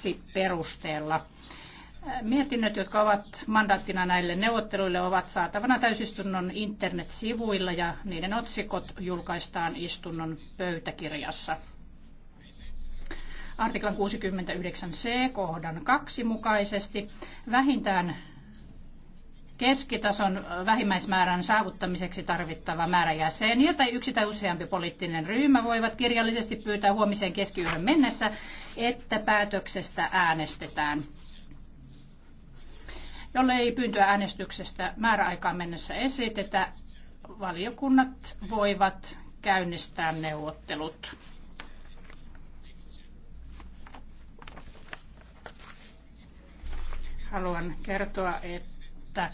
kaksi perusteella. Mietinnöt, jotka ovat mandaattina näille neuvotteluille, ovat saatavana täysistunnon internetsivuilla ja niiden otsikot julkaistaan istunnon pöytäkirjassa. Artiklan 69c kohdan 2 mukaisesti vähintään keskitason vähimmäismäärän saavuttamiseksi tarvittava määrä jäseniä tai yksi tai useampi poliittinen ryhmä voivat kirjallisesti pyytää huomiseen keskiyön mennessä, että päätöksestä äänestetään. Jolle ei pyyntöä äänestyksestä määräaikaan mennessä esitetä, valiokunnat voivat käynnistää neuvottelut. Haluan kertoa, että että